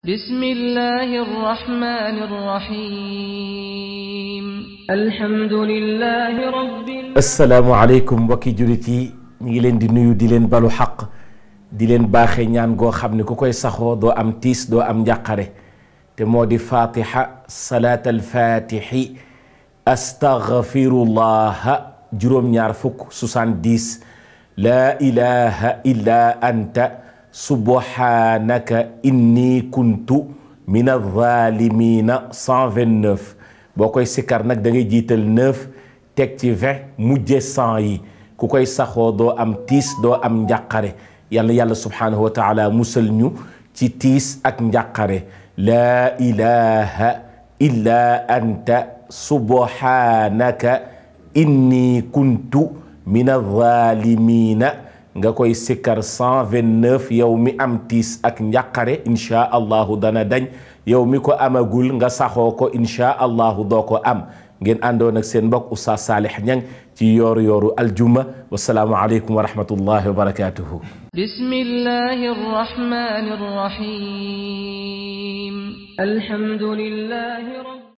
بسم الله الرحمن الرحيم الحمد لله رب السلام عليكم mbokki jullit yi ñu ngi leen di nuyu di leen balu xaq di leen baaxee ñaan goo xam ne ku koy saxoo doo am tiis doo am njàqare te moo di fatiha salaat alfatixi astaghfirullaha juróom-ñaar fukk 70 laa ilaha illa anta subhanaka inni kuntu min az-zalimina 129 boo koy sikkar nag da ngay jiital 9 teg ci 20 mujje 100 yi ku koy saxoo doo am tiis doo am njàqare yàlla yàlla subhanahu wa taala musal ñu ci tiis ak njàqare laa ilaha illa anta subhanaka inni kuntu min az-zalimina nga koy sikkar 129 yow mi am tiis ak njàqare inchaa allahu dana dañ yow mi ko amagul nga saxoo ko inchaa allahu doo ko am ngeen àndoon ak seen mbokk Oustaz Saalih Ñang ci yooru yooru aljuma wasalaamu aleykum wa rahmatullahi wa barakatuhu bismillahi rahmani rahim alhamdulillahi